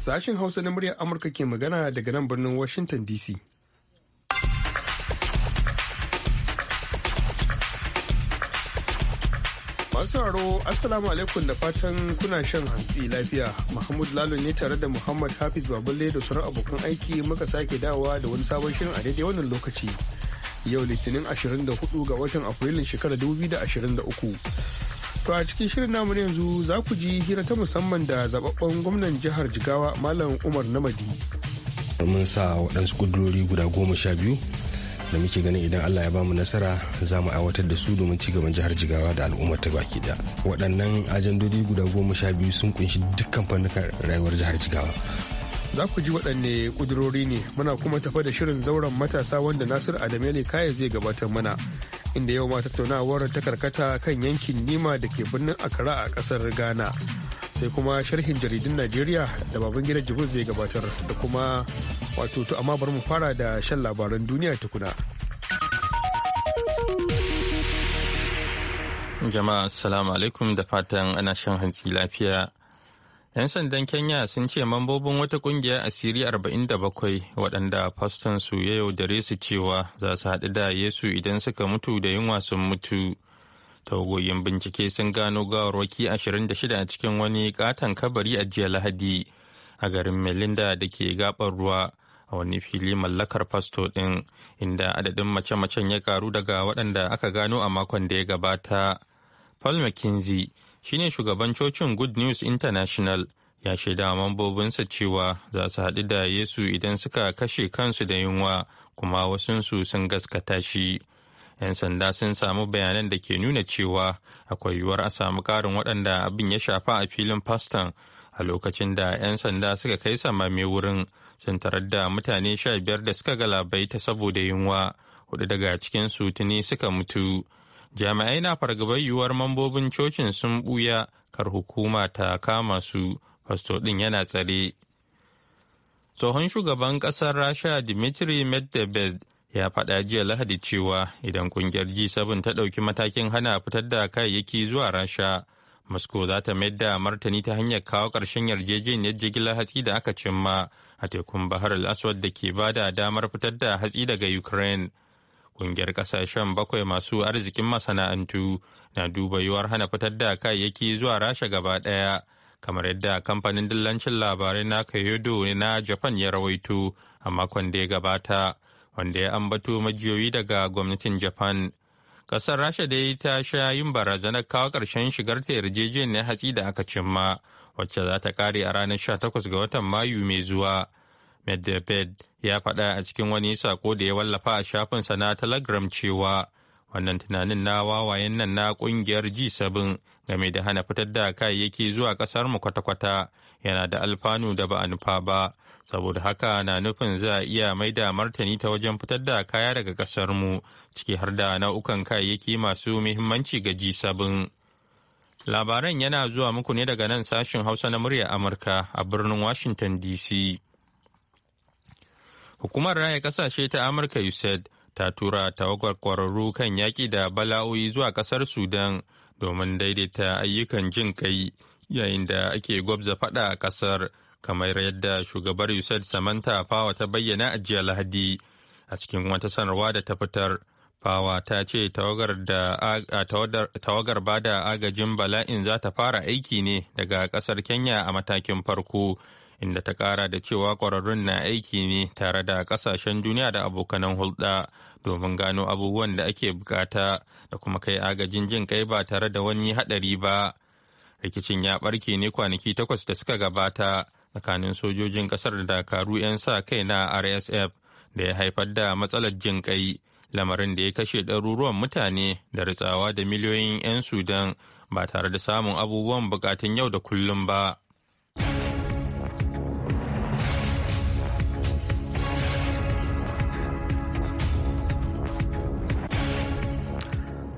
Sashen Hausa na muryar Amurka ke magana daga nan birnin Washington DC. Masu sauraro Assalamu alaikum da fatan kuna shan hantsi lafiya. Mahmud Lalo ne tare da Muhammad Hafiz Baballe da sauran abokan aiki muka sake dawowa da wani sabon shirin a daidai wannan lokaci. Yau Litinin 24 ga watan Afrilun shekarar 2023. To a cikin shirin namu yanzu za ku ji hira ta musamman da zababben gwamnan jihar Jigawa Malam Umar Namadi. Mun sa waɗansu kudurori guda goma sha biyu da muke ganin idan Allah ya bamu nasara za mu aiwatar da su domin ci gaban jihar Jigawa da al'ummar ta baki da. Waɗannan ajandodi guda goma sha biyu sun kunshi dukkan fannukan rayuwar jihar Jigawa. Za ku ji waɗanne kudurori ne muna kuma tafa da shirin zauren matasa wanda Nasir Adamele Kaya zai gabatar mana. inda yau ma tattaunawar ta karkata kan yankin nima da ke birnin akara a kasar ghana sai kuma sharhin jaridun najeriya da baban gidan jibin zai gabatar da kuma wato to amma bari mu fara da shan labaran duniya tukuna jama'a assalamu alaikum da fatan ana shan hantsi lafiya 'Yan sandan Kenya sun ce mambobin wata kungiya asiri 47 waɗanda faston su ya yaudare su cewa za su haɗu da Yesu idan suka mutu da yunwa sun mutu. Tawagoyin bincike sun gano gawarwaki 26 a cikin wani katon kabari a jiya Lahadi a garin Melinda da ke gabar ruwa a wani fili mallakar fasto ɗin inda adadin mace-macen ya karu daga waɗanda aka gano a makon da ya gabata. Paul McKinsey shine shugaban cocin Good News International ya shaida mambobinsa cewa za su haɗu da Yesu idan suka kashe kansu da yunwa kuma wasunsu sun gaskata shi. 'Yan sanda sun samu bayanan da ke nuna cewa akwai yiwuwar a samu ƙarin waɗanda abin ya shafa a filin faston a lokacin da 'yan sanda suka kai samame wurin sun tarar da mutane sha biyar da suka galabaita saboda yunwa hudu daga cikin su suka mutu. jami'ai na fargabar yiwuwar mambobin cocin sun buya kar hukuma ta kama su fasto din yana tsare tsohon shugaban kasar rasha dimitri medvedev ya faɗa jiya lahadi cewa idan kungiyar g7 ta ɗauki matakin hana fitar da kayayyaki zuwa rasha moscow za ta mayar da martani ta hanyar kawo ƙarshen yarjejeniyar jigilar hatsi da aka cimma a tekun bahar al-aswad da ke bada damar fitar da hatsi daga ukraine Ƙungiyar ƙasashen bakwai masu arzikin masana'antu na duba yiwuwar hana fitar da kayayyaki zuwa rasha gaba ɗaya kamar yadda kamfanin dillancin labarai na kayodo na Japan ya rawaito a makon da ya gabata wanda ya ambato majiyoyi daga gwamnatin Japan. Kasar Rasha dai ta sha yin barazanar kawo ƙarshen shigar ta yarjejeniyar hatsi da aka cimma wacce za ta kare a ranar 18 ga watan Mayu mai zuwa. medved ya faɗa a cikin wani sako da ya wallafa a shafinsa na Telegram cewa wannan tunanin na wawayen nan na ƙungiyar G7 game da hana fitar da kayayyaki zuwa ƙasar mu kwata-kwata yana da alfanu da ba a nufa ba saboda haka na nufin za a iya mai da martani ta wajen fitar da kaya daga ƙasar mu ciki har da nau'ukan kayayyaki masu muhimmanci ga G7. Labaran yana zuwa muku ne daga nan sashin Hausa na murya Amurka a birnin Washington DC. Hukumar raya kasashe ta Amurka USAID ta tura tawagar kwararru kan yaƙi da bala'o'i zuwa ƙasar Sudan domin daidaita ayyukan jin kai yayin da ake gwabza faɗa a ƙasar kamar yadda shugabar USAID samanta fawa ta bayyana a jiya Lahadi a cikin wata sanarwa da ta fitar. Fawa ta ce tawagar bada agajin bala'in za ta fara aiki ne daga kasar Kenya a matakin farko inda ta kara da cewa kwararrun na aiki ne tare da kasashen duniya da abokanan hulɗa domin gano abubuwan da ake bukata da kuma kai agajin jin kai ba tare da wani haɗari ba rikicin ya ɓarke ne kwanaki takwas da suka gabata tsakanin sojojin ƙasar da dakaru 'yan sa kai na rsf da ya haifar da matsalar jin kai lamarin da ya kashe ɗaruruwan mutane da ritsawa da miliyoyin 'yan sudan ba tare da samun abubuwan bukatun yau da kullum ba.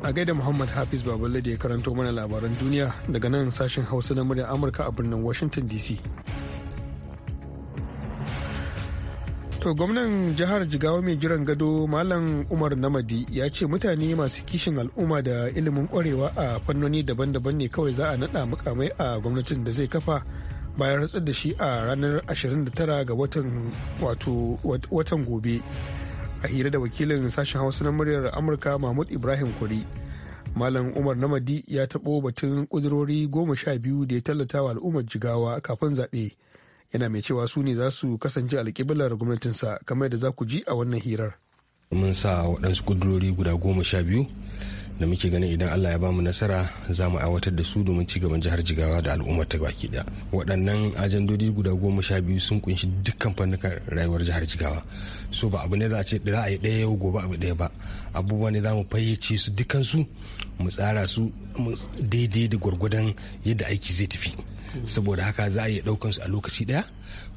a gaida muhammad hafiz baballe da ya karanto mana labaran duniya daga nan sashen hausa na murya amurka a birnin washington dc to gwamnan jihar jigawa mai jiran gado malam umar namadi ya ce mutane masu kishin al'umma da ilimin kwarewa a fannoni daban-daban ne kawai za a naɗa mukamai a gwamnatin da zai kafa bayan ratsar da shi a ranar 29 ga watan gobe a hira da wakilin sashen hausa na muryar amurka mahmud ibrahim kuri malam umar namadi ya taɓo batun ƙudurori goma sha biyu da ya tallata wa al'ummar jigawa kafin zaɓe yana mai cewa su ne za su kasance alƙiblar gwamnatinsa kamar da za ku ji a wannan hirar mun sa waɗansu ƙudurori guda goma sha biyu da muke ganin idan allah ya bamu nasara za mu aiwatar da su domin ci gaban jihar jigawa da al'ummar ta baki daya waɗannan ajandodi guda goma sha biyu sun kunshi dukkan fannukan rayuwar jihar jigawa so ba abu ne za a ce za a yi ɗaya yau gobe abu ɗaya ba abubuwa ne za mu fayyace su dukansu mu tsara su daidai da gwargwadon yadda aiki zai tafi saboda haka za a iya su a lokaci ɗaya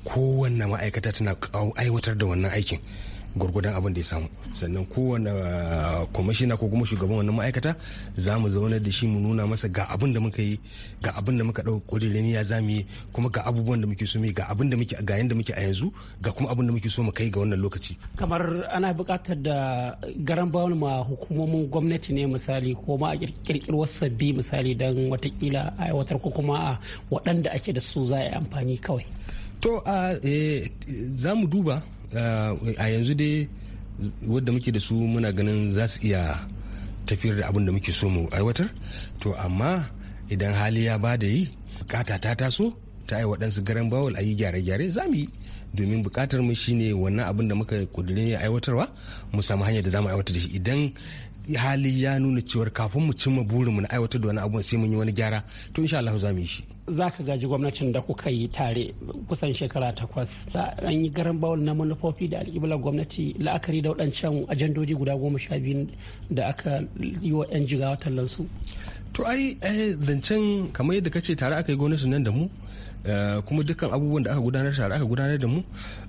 kowanne ma'aikata tana aiwatar da wannan aikin gurgudan abin da ya samu sannan kowane ah, kwamishina ko kuma shugaban wannan ma'aikata za mu zaunar da shi mu nuna masa ga abin da muka yi ga abin da muka ɗau ƙudurin ya za mu yi kuma ga abubuwan da muke so mu ga abin da muke ga yanda muke a yanzu ga kuma abin da muke so mu kai ga wannan lokaci kamar ana buƙatar da garan bawon ma hukumomin gwamnati ne misali ko ma a kirkiro sabbi misali don watakila a aiwatar ko kuma a waɗanda ake da su za a yi amfani kawai to a. Ah, eh, za mu duba Eh, a yanzu dai wadda muke da su muna ganin za su iya tafiyar da abin da muke so mu aiwatar to amma idan hali ya ba da yi bukata ta taso ta yi waɗansu garan bawul a yi gyare-gyare za mu yi domin bukatar mu shine wannan abin da muka kudurin ya aiwatarwa mu samu hanyar da za mu aiwatar da shi idan hali ya nuna cewar kafin mu cimma burin mu na aiwatar da wani abu sai mun yi wani gyara to insha Allah za mu yi shi za ka gaji gwamnatin da kuka yi tare kusan shekara takwas an yi garan bawul na manufofi da alƙiblar gwamnati la'akari da waɗancan ajandoji guda goma sha biyu da aka yi wa 'yan jigawa tallansu to ai eh, zancen kamar yadda ka ce tare aka yi gwamnatin nan da mu Eh, kuma dukkan abubuwan da aka gudanar tare aka gudanar da mu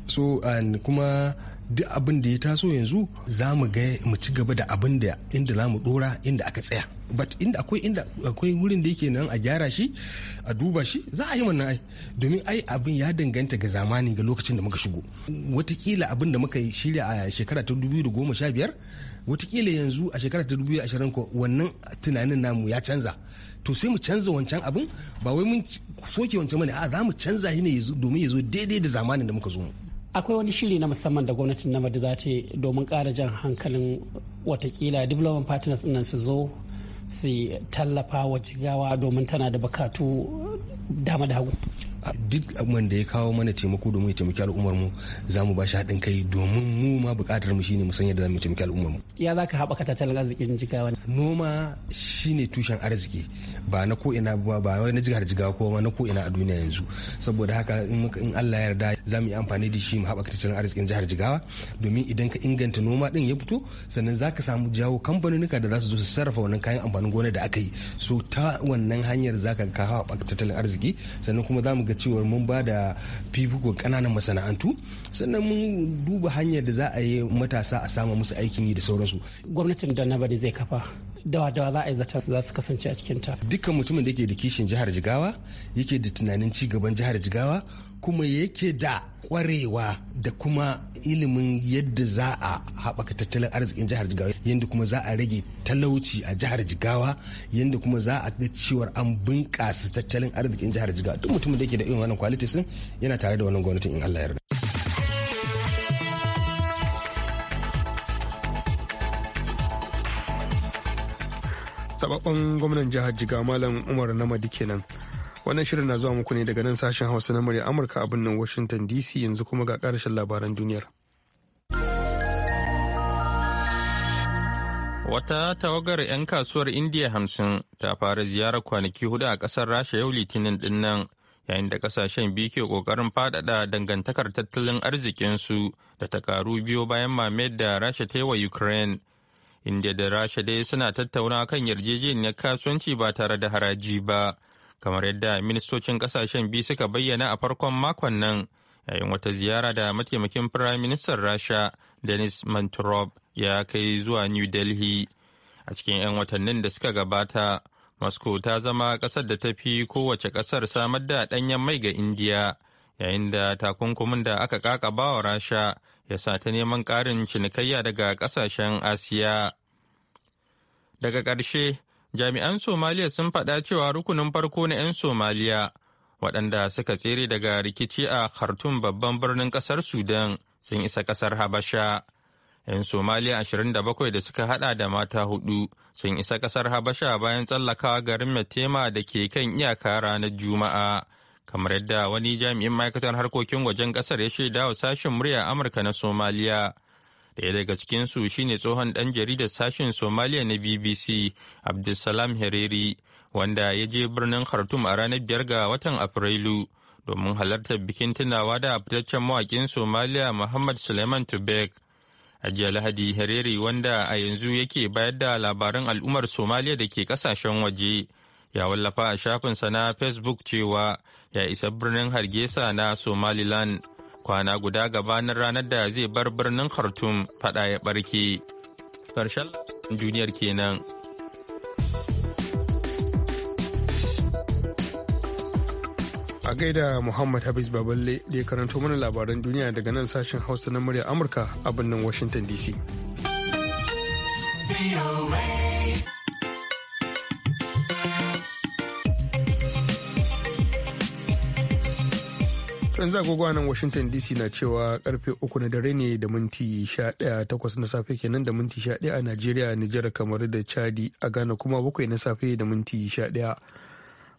so kuma duk abin da ya taso yanzu za mu ga mu ci gaba da abin da inda za mu dora inda aka tsaya but inda akwai inda akwai wurin da yake nan a gyara shi a duba shi za a yi wannan ai domin ai abin ya danganta ga zamani ga lokacin da muka shigo watakila abin da muka shirya a shekara ta 2015 watakila yanzu a shekarar ta dubu ashirin ko wannan tunanin namu ya canza to sai mu canza wancan abin ba wai mun soke wancan bane a za mu canza shi ne domin ya zo daidai da zamanin da muka zo akwai wani shiri na musamman da gwamnatin na za ta yi domin kara jan hankalin watakila development partners nan su zo su tallafa wa jigawa domin tana da bukatu dama da hagu duk abin da ya kawo mana taimako domin ya taimaki al'ummar mu za mu shi haɗin kai domin mu ma buƙatar mu shine mu san yadda za mu taimaki al'ummar mu ya za ka haɓaka tattalin arzikin jigawa noma shine tushen arziki ba na ko ina ba ba na jihar jigawa ko ma na ko ina a duniya yanzu saboda haka in Allah ya yarda za mu yi amfani da shi mu haɓaka tattalin arzikin jihar jigawa domin idan ka inganta noma din ya fito sannan za ka samu jawo kamfanonika da za su zo su sarrafa wannan kayan amfani amfanin gona da aka yi so ta wannan hanyar zaka ka a tattalin arziki sannan kuma za mu ga cewa mun ba da fifiko kananan masana'antu sannan mun duba hanyar da za a yi matasa a samu musu aikin yi da sauransu gwamnatin da na bari zai kafa dawa dawa za a yi zata za su kasance a cikin ta dukkan mutumin da yake da kishin jihar jigawa yake da tunanin ci gaban jihar jigawa kuma yake da kwarewa da kuma ilimin yadda za a haɓaka tattalin arzikin jihar jigawa yadda kuma za a rage talauci a jihar jigawa yadda kuma za a ga cewar an bunƙasa tattalin arzikin jihar jigawa duk mutumin da ke da irin wannan kwalitis yana tare da wannan gwamnatin in allah yarda sababbin gwamnan jihar jiga malam umar namadi kenan wannan shirin na zuwa muku ne daga nan sashen hausa na murya amurka a birnin washington dc yanzu kuma ga karshen labaran duniyar Wata tawagar 'yan kasuwar Indiya hamsin ta fara ziyarar kwanaki hudu a kasar Rasha yau Litinin din nan, yayin da kasashen biyu ke ƙoƙarin faɗaɗa dangantakar tattalin arzikinsu da ta karu biyo bayan mamayar da Rasha ta yi wa Ukraine india da rasha dai suna tattauna kan yarjejeniyar kasuwanci ba tare da haraji ba kamar yadda ministocin kasashen biyu suka bayyana a farkon makon nan yayin wata ziyara da mataimakin firayim ministan rasha denis manturov ya kai zuwa new delhi a cikin 'yan watannin da suka gabata moscow ta zama kasar da ta fi kowace kasar samar da ɗanyen mai ga india yayin da takunkumin da aka ƙaƙabawa bawa rasha ya sa ta neman ƙarin cinikayya daga ƙasashen asiya daga ƙarshe jami'an somaliya sun faɗa cewa rukunin farko na 'yan somaliya waɗanda suka tsere daga rikici a khartoum babban birnin ƙasar sudan sun isa ƙasar habasha 'yan somaliya 27 da suka haɗa da mata hudu sun isa ƙasar habasha bayan tsallakawa garin metema da ke kan iyaka ranar juma'a kamar yadda wani jami'in ma'aikatar harkokin wajen kasar ya shaida wa sashen murya amurka na somaliya daya daga cikinsu shine tsohon dan jaridar sashen somaliya na bbc abdulsalam hereri wanda ya je birnin khartum a ranar biyar ga watan afrilu domin halartar bikin tunawa da fitaccen mawakin somaliya muhammad suleiman tubek a jiya lahadi hariri wanda a yanzu yake bayar da labaran al'ummar somaliya da ke kasashen waje ya wallafa a shafinsa na facebook cewa ya isa birnin hargesa na somaliland kwana guda gabanin ranar da zai bar birnin khartoum fada ya barke karshen duniyar kenan a gaida muhammad habis baballe da ya karanto mana labaran duniya daga nan sashen hausa na murya amurka a birnin washington dc yanzu agogo nan washington dc na cewa karfe uku na dare ne da minti takwas na safe kenan da minti 11 a najeriya nijar kamar da chadi a ghana kuma bakwai na safe da minti 11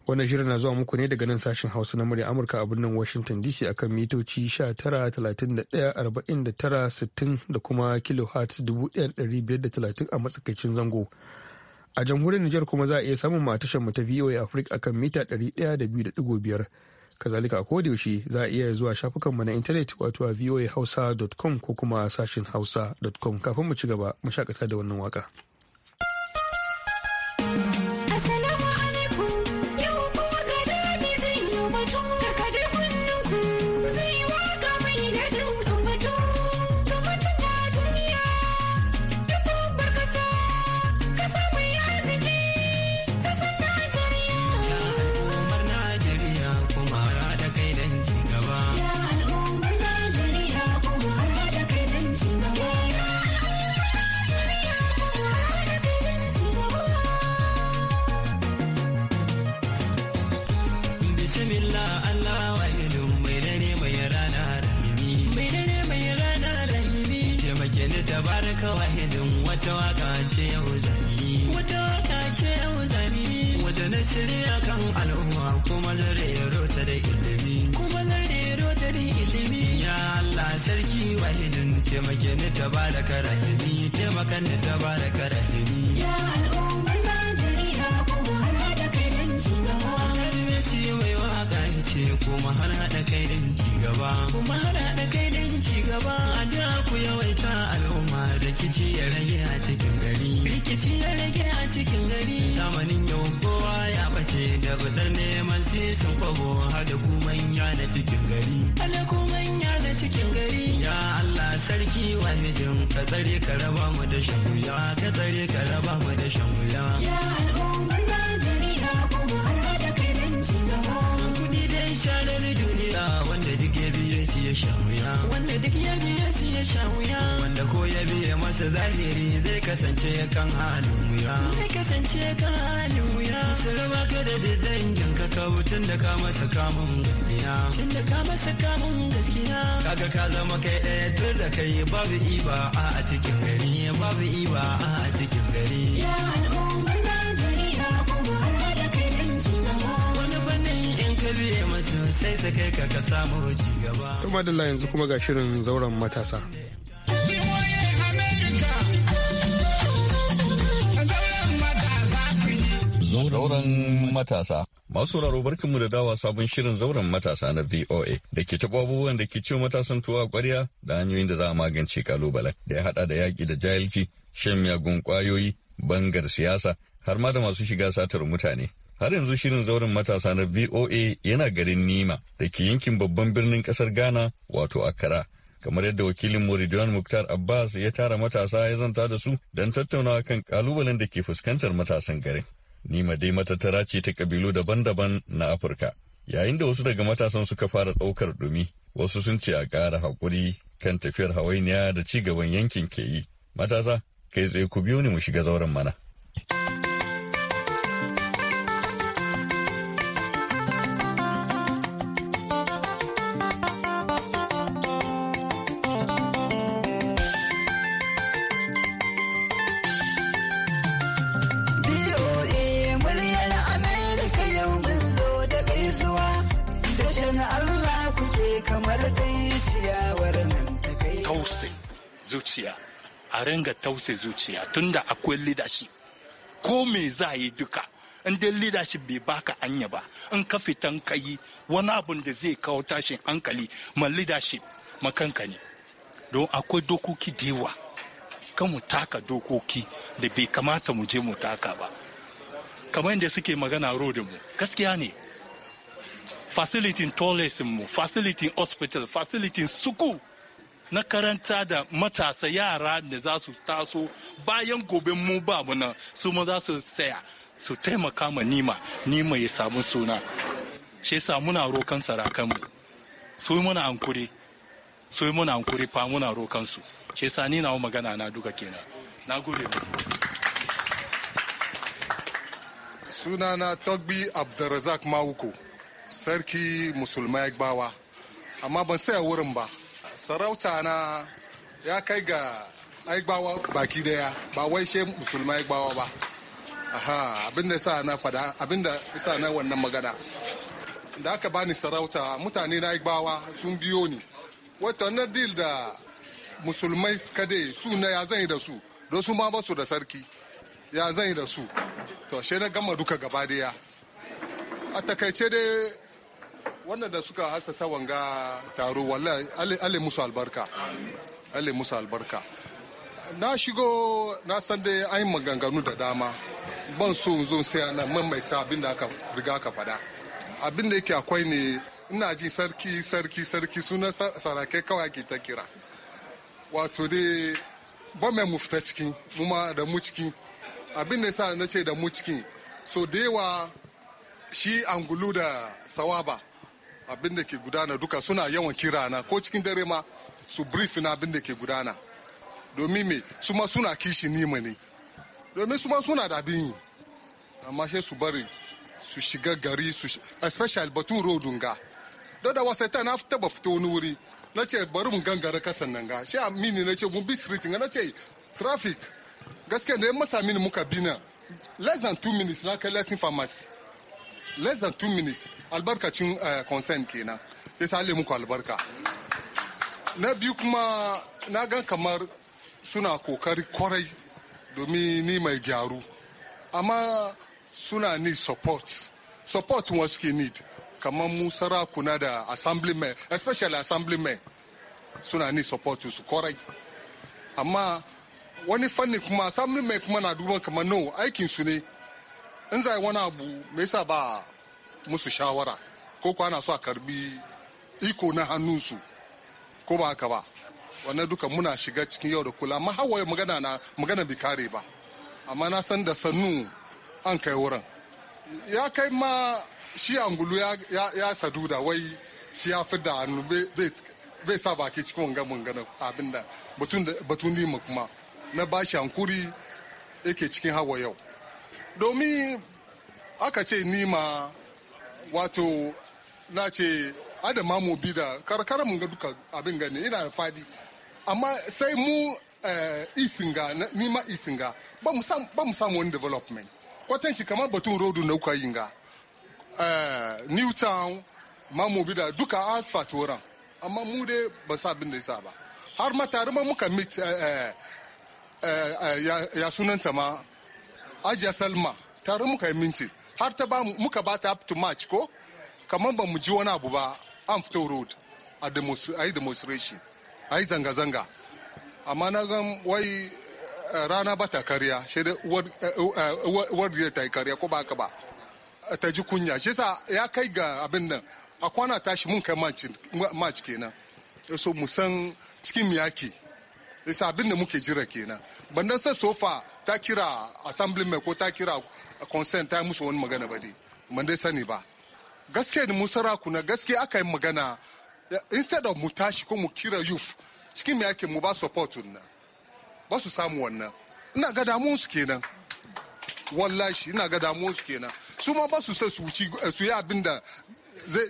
wannan shirin na zuwa muku ne daga nan sashen hausa na murya amurka a birnin washington dc akan mitoci talatin da kuma kilo da talatin a matsakaicin zango a jamhuriyar nijar kuma za a iya samun matashin mu ta voa africa akan mita da biyar. kazalika a kodayaushe za a iya zuwa shafukanmu na intanet wato a voahausa.com ko kuma sashin hausa.com kafin mu ci gaba mu shakata da wannan waka. ce kuma har haɗa kai don ci gaba. Kuma har haɗa kai don ci gaba a da ku yawaita al'umma rikici ya rage a cikin gari. Rikici ya rage a cikin gari. Zamanin yau kowa ya bace da budar neman sisin kwabo hada ku manya na cikin gari. Hada ku manya na cikin gari. Ya Allah sarki wahidin ka tsare ka raba mu da shan wuya. Ka tsare ka raba mu da shan wuya. Ya Allah. shanar duniya wanda duk ya biye shi ya sha wuya wanda duk ya biye shi ya sha wuya wanda ko ya biye masa zahiri zai kasance kan halin wuya zai kasance kan halin wuya su raba ka da dangin ka kawo tun da ka masa kamun gaskiya tun da ka masa kamun gaskiya kaga ka zama kai ɗaya tun da kai babu iba a cikin gari babu iba a cikin gari ya ka ci gaba. Kuma da yanzu kuma ga shirin zauren matasa. Zauren matasa. Masu sauraro barkinmu da dawa sabon shirin zauren matasa na VOA da ke taɓa abubuwan da ke ciwo matasan tuwa kwarya da hanyoyin da za a magance kalubalen da ya haɗa da yaki da jahilci, shan miyagun kwayoyi bangar siyasa, har ma da masu shiga satar mutane. har yanzu shirin zauren matasa na VOA yana garin Nima da ke yankin babban birnin kasar Ghana wato Accra. Kamar yadda wakilin Moridion mukhtar Abbas ya tara matasa ya zanta da su don tattaunawa kan kalubalen da ke fuskantar matasan garin. Nima dai matattara ce ta kabilu daban-daban na Afirka. Yayin da wasu daga matasan suka fara ɗaukar ɗumi, wasu sun ce a ƙara haƙuri kan tafiyar hawainiya da ci gaban yankin ke yi. Matasa, kai tsaye ku biyo ne mu shiga zauren mana. tausa zuciya tunda akwai leadership ko me za yi duka in dai leadership bai baka anya ba in ka fitan ka yi wani abun da zai kawo tashin hankali ma leadership makanka ne don akwai dokoki da yawa kan mu taka dokoki da bai kamata mu je mu taka ba kamar yadda suke magana rodin mu gaskiya ne facility toilet mu facility hospital facility suku na karanta da matasa yara da za su taso bayan gobe mu ba mu nan su ma za su saya su taimaka ma nima nima ya samu suna shi yasa muna rokan mu su yi muna hankuri su yi muna hankuri fa muna rokan su shi yasa ni na magana na duka kenan na gode na Tobi abdulrazak mawuko sarki musulmai gbawa amma ban saya wurin ba sarauta na ya kai ga aigbawa baki daya ba wai she musulma aigbawa ba aha abinda sa na fada abinda sa na wannan magana da aka bani sarauta mutane na aigbawa sun biyo ni wata na deal da musulmai dai su na ya zan da su don su ma ba su da sarki ya zan da su to she na gama duka gaba daya a takaice dai wannan da suka hasasa wanga taro wallahi ale musu albarka ale musu albarka na shigo na san dai an yi maganganu da dama ban so zo sai ana mamaita abin da aka riga ka faɗa abin da yake akwai ne ina ji sarki sarki sarki suna sarake kawai ke ta kira wato dai ba mai mu fita ciki mu ma da mu cikin abin da sa na ce da mu cikin so da yawa shi angulu da sawaba abin da ke gudana duka suna yawan kira na ko cikin dare ma su brief na abin da ke gudana domin me su ma suna kishi nima ne domin su ma suna da abin yi amma sai su bari su shiga gari su especially batun road nga. don da wasa ta na taba fito wani wuri na ce bari mu gangara kasan nan ga shi mini na ce mun bi street na ce traffic gaskiya ne masa mini muka bi na less than two minutes na kai lesson pharmacy less than two minutes albarkacin eh, consent kenan ya sale muku albarka na biyu kuma na gan kamar suna kokari kwarai domin ni mai gyaru amma suna ni support support wa suke need kamar mu sarakuna da assemblymen especially assemblymen suna ni support su kwarai amma wani fanni kuma assemblymen kuma na duban kamar no aikin su ne in za wani abu me yasa ba musu shawara ko ko ana so a karbi iko na hannunsu ko ba haka ba wannan duka muna shiga cikin yau da kula amma hawa magana na magana bi kare ba amma na san da sannu an kai wurin ya kai ma shi angulu ya, ya, ya sadu da wai shi ya da hannu bai sa baki cikin wanga mungana abinda batun ni kuma na bashi hankuri yake cikin hawa yau domin aka ce nima wato na ce adama mu bi da karkara mun ga duka abin gani ina da fadi amma sai mu eh, isinga nima isinga ba mu samu wani development kwatanci kamar batun rodu na kuka yinga eh, new town bi da duka asfalt wuran amma mu dai ba sa abin da isa ba har ma tare muka mit eh, ya sunanta ma ajiya salma tare muka yi minti har ta ba muka ba ta up to march ko kamar ba mu ji wani abu ba an fito road a yi demonstration a yi zanga-zanga amma na gan wai eh, rana ba ta kariya shi da uwar eh, ta yi kariya ko ba ka ba ta ji kunya shi sa ya kai ga abin nan a kwana tashi mun kai match kenan so musan cikin miyaki isa abin da muke jira kenan bandan sai sofa ta kira assembly mai ko ta kira consent ta musu wani magana ba dai mun dai sani ba gaske ne mu sarakuna gaske aka yi magana instead of mu tashi ko mu kira youth cikin me yake mu ba support na ba su samu wannan ina ga damuwar su kenan wallahi ina ga damuwar su kenan su ma ba su sai su wuci su yi abin da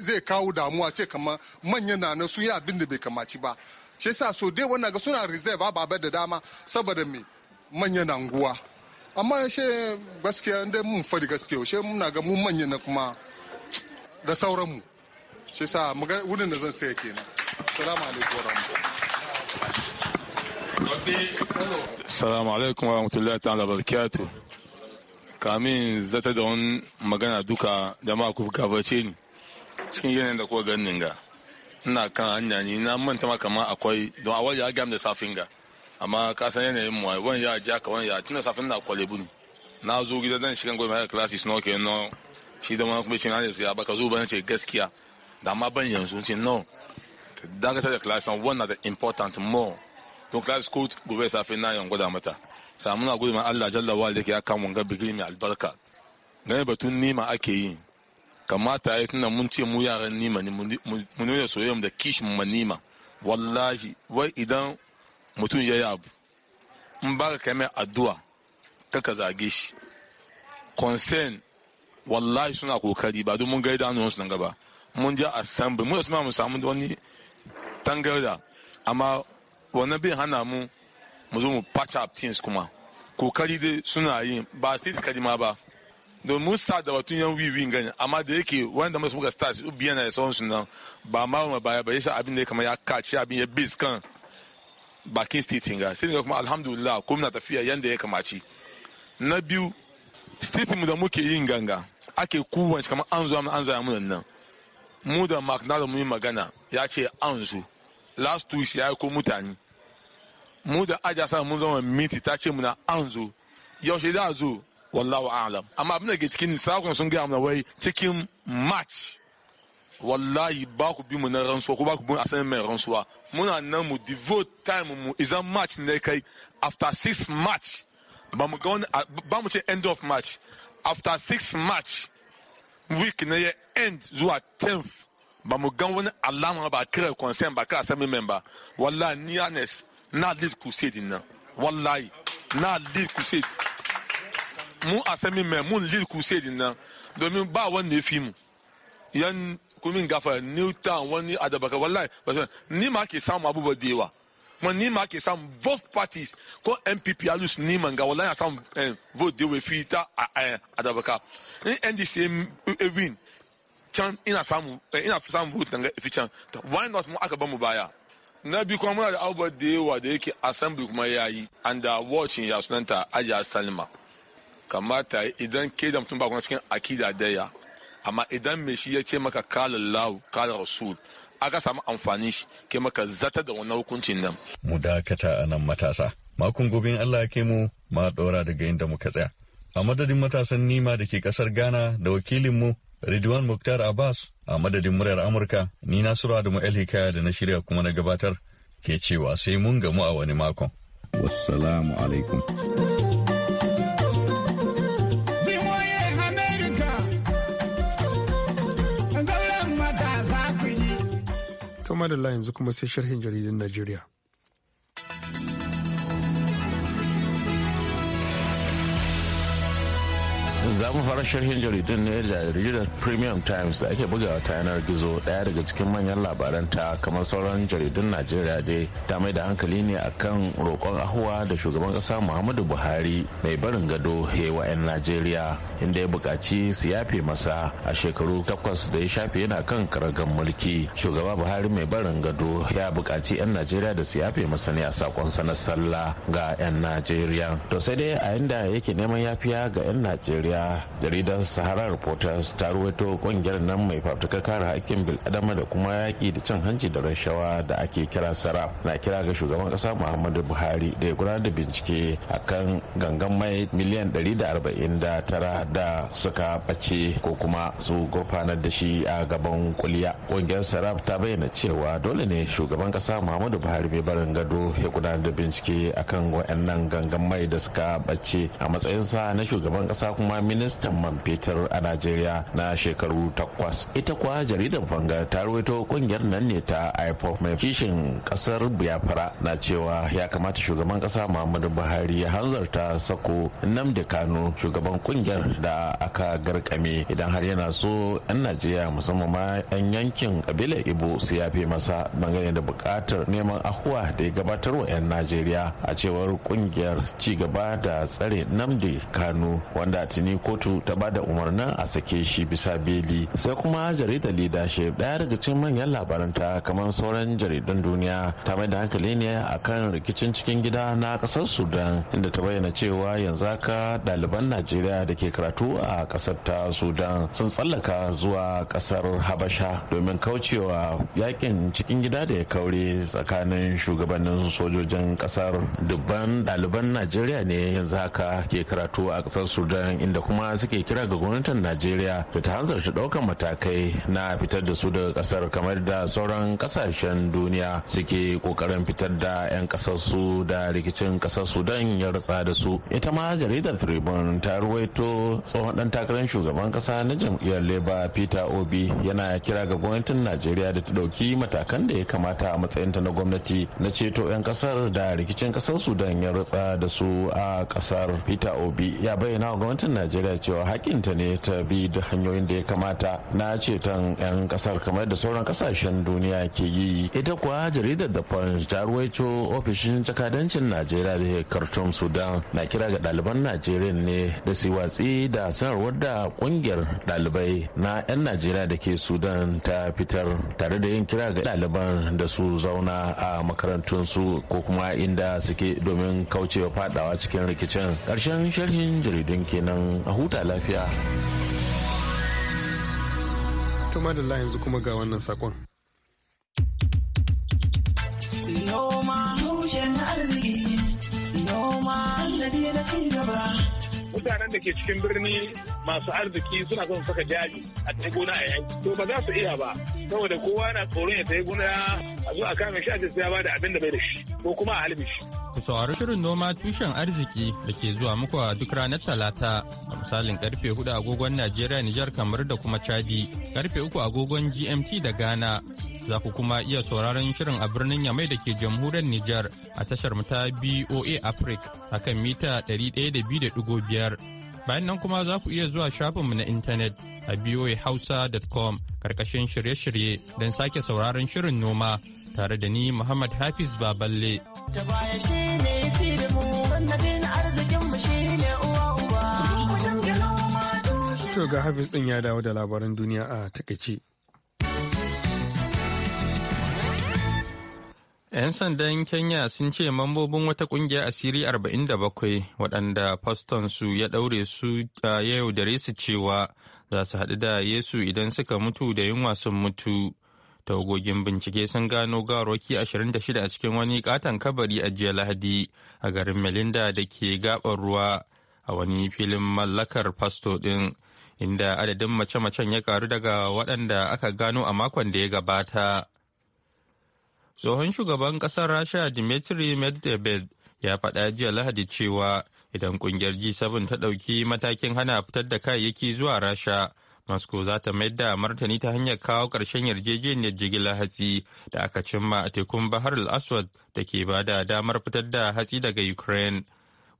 zai kawo damuwa ce kamar manyan na sun yi abin da bai kamaci ba shi sa so dai wannan ga suna reserve ba da dama saboda me manyan anguwa amma shi gaskiya inda mun fadi gaskiya shi muna ga mun manya na kuma da sauran mu shi sa wurin da zan saya kenan assalamu alaikum wa rahmatullahi assalamu alaikum wa rahmatullahi ta'ala barakatuh kamin zata da wani magana duka ma ku gabace ni cikin yanayin da kuwa ganin ga ina kan hanya ni na manta ma kama akwai don a wajen agam da safin ga amma kasan yanayin mu wani ya ji aka wani ya tuna safin na kwale buni na zo gida dan shigan gobe mai klasi suna ke no shi da wani kuma shi na ya baka zo bane ce gaskiya da ma ban yanzu ce no dakatar da wani wannan da important more don kilasi ko gobe safin na yan gwada mata samu na ma Allah jalla wa da ke ya kamun ga bigiri mai albarka gane batun nima ake yi kamata ya yi tunan mun ce mu yaran nima ne mu nuna soyayyar da kish mu nima wallahi wai idan mutum ya yi abu in ba ka kame addu'a ta ka zage shi concern wallahi suna kokari ba don mun ga idanuwansu nan gaba mun ja assembly mu yasu ma mu samu wani tangarda amma wannan bin hana mu mu zo mu patch up things kuma kokari dai suna yi ba state kalima ba don mun start da batun yan wiwi gani amma da yake wanda masu muka start su na da sauransu nan ba ma ma baya ba yasa abin da ya kama ya kaci abin ya bis kan bakin state ga sai kuma alhamdulillah ko na tafiya yanda ya kamaci na biyu state mu da muke yin ganga ake kowace kamar an zuwa an zuwa mu nan mu da mark da mu yi magana ya ce an zu. last week ya yi ko mutane mu da aja sa mun zama minti ta ce muna an zu. yaushe za a zo wallahu a'lam amma abin da ke cikin sakon sun gaya mana wai cikin march wallahi ba ku bi mu na ransuwa ko ba ku bi a sanin mai ransuwa muna nan mu devote time mu izan march ne kai after 6 march ba mu ga wani ba mu ce end of march after six march week na ya end zuwa 10th ba mu gan wani alama ba kira concern ba kira assembly member wallahi ni honest na lead crusade nan wallahi na lead crusade mu a sami mai mun lil kusedin nan domin ba wani ne fi mu yan kumin gafa new town wani adabaka wallahi ni ma ke samu abubuwa da yawa kuma ni ma ke samu both parties ko npp alus ni man ga wallahi samu eh, vote da yawa fi ta adabaka in ndc win can ina samu eh, ina samu vote nan ga fi can why not mu aka ba mu baya na bi kuma muna da abubuwa da yawa da yake assembly kuma yayi and watching ya yasunanta ajiya salima. kamata idan ke da mutum ba cikin akida daya amma idan mai shi ya ce maka kala lau kala rasul aka samu amfani shi ke maka zata da wani hukuncin nan mu dakata a nan matasa makon gobe Allah ya mu ma ɗora daga inda muka tsaya a madadin matasan nima da ke kasar Ghana da wakilin mu Ridwan muktar Abbas a madadin muryar Amurka ni Nasiru Adamu kaya da na shirya kuma na gabatar ke cewa sai mun gamu a wani makon. Wassalamu alaikum. madalla yanzu kuma sai sharhin jaridun Najeriya. za mu fara sharhin jaridun ne da jaridar premium times da ake bugawa ta yanar gizo daya daga cikin manyan labaran ta kamar sauran jaridun najeriya dai ta mai da hankali ne a kan roƙon ahuwa da shugaban ƙasa muhammadu buhari mai barin gado hewa 'yan najeriya inda ya buƙaci su yafe masa a shekaru takwas da ya shafe yana kan karagan mulki shugaba buhari mai barin gado ya buƙaci 'yan najeriya da su yafe masa ne a sakon na sallah ga 'yan najeriya to sai dai a inda yake neman yafiya ga 'yan najeriya da jaridar sahara reporters ta ruwaito kungiyar nan mai fafutukar kare haƙƙin bil'adama da kuma yaƙi da cin hanci da rashawa da ake kira sara na kira ga shugaban ƙasa muhammadu buhari da ya gudanar da bincike akan gangan mai miliyan 149 da da tara suka ɓace ko kuma su gurfanar da shi a gaban kuliya kungiyar saraf ta bayyana cewa dole ne shugaban ƙasa muhammadu buhari mai barin gado ya gudanar da bincike akan waɗannan gangan mai da suka ɓace a matsayinsa na shugaban ƙasa kuma ministan man fetur a najeriya na shekaru takwas ita kuwa jaridan fanga ta ruwaito kungiyar nan ne ta ipo mai kishin kasar biafra na cewa ya kamata shugaban kasa muhammadu buhari ya hanzarta sako namdi kano shugaban kungiyar da aka garkame idan har yana so 'yan najeriya musamman ma 'yan yankin kabilar ibo su fi masa dangane da bukatar neman ahuwa da ya gabatar wa 'yan najeriya a cewar kungiyar cigaba da tsare namdi kano wanda tuni kotu ta ba da umarnin a sake shi bisa beli sai kuma jaridar leadership daya daga cikin manyan labaranta kamar sauran jaridan duniya ta mai da hankali ne akan rikicin cikin gida na kasar sudan inda ta bayyana cewa yanzu haka ɗaliban najeriya da ke karatu a kasar ta sudan sun tsallaka zuwa kasar habasha domin kaucewa yakin cikin gida da ya kaure tsakanin shugabannin sojojin kasar dubban ɗaliban najeriya ne yanzu haka ke karatu a kasar sudan inda kuma suke kira ga gwamnatin najeriya da ta hanzarta ɗaukar matakai na fitar da su daga kasar kamar da sauran ƙasashen duniya suke kokarin fitar da 'yan kasar su da rikicin su don ya ratsa da su ita ma jaridar tribune ta ruwaito tsohon ɗan takarar shugaban kasa na jam'iyyar leba peter obi yana kira ga gwamnatin najeriya da ta dauki matakan da ya kamata a matsayinta na gwamnati na ceto 'yan kasar da rikicin su don ya ratsa da su a ƙasar peter obi ya bayyana wa gwamnatin najeriya najeriya cewa hakinta ne ta bi da hanyoyin da ya kamata na ceton 'yan kasar kamar da sauran kasashen duniya ke yi ita kuwa jaridar da punch ta ruwaito ofishin jakadancin najeriya da ke khartoum sudan na kira ga ɗaliban najeriya ne da su watsi da sanarwar da kungiyar ɗalibai na 'yan najeriya da ke sudan ta fitar tare da yin kira ga ɗaliban da su zauna a makarantunsu ko kuma inda suke domin kaucewa faɗawa cikin rikicin karshen sharhin jaridun kenan a huta lafiya. Tuma da yanzu kuma ga wannan sakon. Mutanen da ke cikin birni masu arziki suna son saka jari a ta gona a To ba za su iya ba, saboda kowa na tsoron ya ta gona a zo a kame shi a jisya ba da abin da bai da shi, ko kuma a halbi ku saurari shirin noma tushen arziki da ke zuwa muku a duk ranar talata a misalin karfe 4 agogon najeriya nijar kamar da kuma chadi karfe 3 agogon gmt da ghana za ku kuma iya sauraron shirin a birnin yamai da ke jamhuriyar nijar a tashar ta boa africa a kan mita 102.5 bayan nan kuma za ku iya zuwa shafinmu na intanet a boahausa.com karkashin shirye-shirye don sake sauraron shirin noma tare da ni Muhammad Hafiz Baballe. Ta baya arzikin ga Hafiz din ya dawo da labaran duniya a takaice. 'Yan sandan Kenya sun ce mambobin wata kungiya asiri 47 waɗanda faston su ya ɗaure su yau yaudare su cewa za su haɗu da Yesu idan suka mutu da yunwa sun mutu. tawagogin bincike sun gano gawarwaki 26 a cikin wani katon kabari a jiya lahadi a garin melinda da ke gabar ruwa a wani filin mallakar fasto din inda adadin mace-macen ya karu daga waɗanda aka gano a makon da ya gabata tsohon shugaban ƙasar rasha dimitri medvedev ya faɗa jiya lahadi cewa idan kungiyar g7 ta ɗauki matakin hana fitar da kayayyaki zuwa rasha Moscow za ta mayar da martani ta hanyar kawo ƙarshen yarjejeniyar jigilar hatsi da aka cimma a tekun Bahar al-Aswad da ke ba da damar fitar da hatsi daga Ukraine.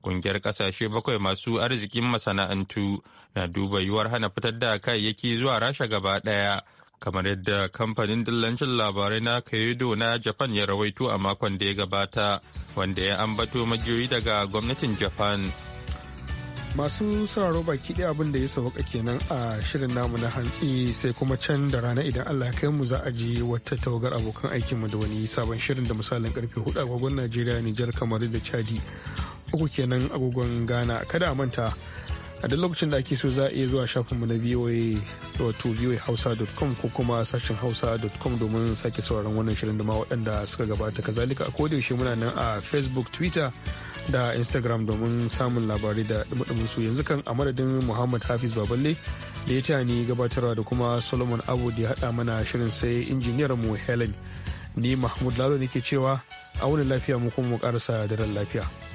ƙungiyar ƙasashe bakwai masu arzikin masana'antu na duba yiwuwar hana fitar da kayayyaki zuwa Rasha gaba ɗaya, kamar yadda kamfanin dillancin labarai na Kyodo na Japan ya rawaito a makon da ya gabata, wanda ya ambato majiyoyi daga gwamnatin Japan. masu sauraro baki ɗaya abin da ya sauka kenan a shirin namu na hantsi sai kuma can da rana idan allah kai mu za a ji wata tawagar abokan aikinmu da wani sabon shirin da misalin karfe hudu agogon najeriya nijar kamaru da chadi uku kenan agogon ghana kada a manta a duk lokacin da ake so za a iya zuwa mu na voa wato com ko kuma sashen hausa.com domin sake sauraron wannan shirin da ma waɗanda suka gabata kazalika a yaushe muna nan a facebook twitter da instagram domin samun labarai da ɗumɗumin su yanzu kan a madadin muhammad hafiz baballe da ya ta ni gabatarwa da kuma solomon abu da ya haɗa mana shirin sai injiniyar mu helen ni mahmud lalo ke cewa a wani lafiya mu kuma mu karasa daren lafiya.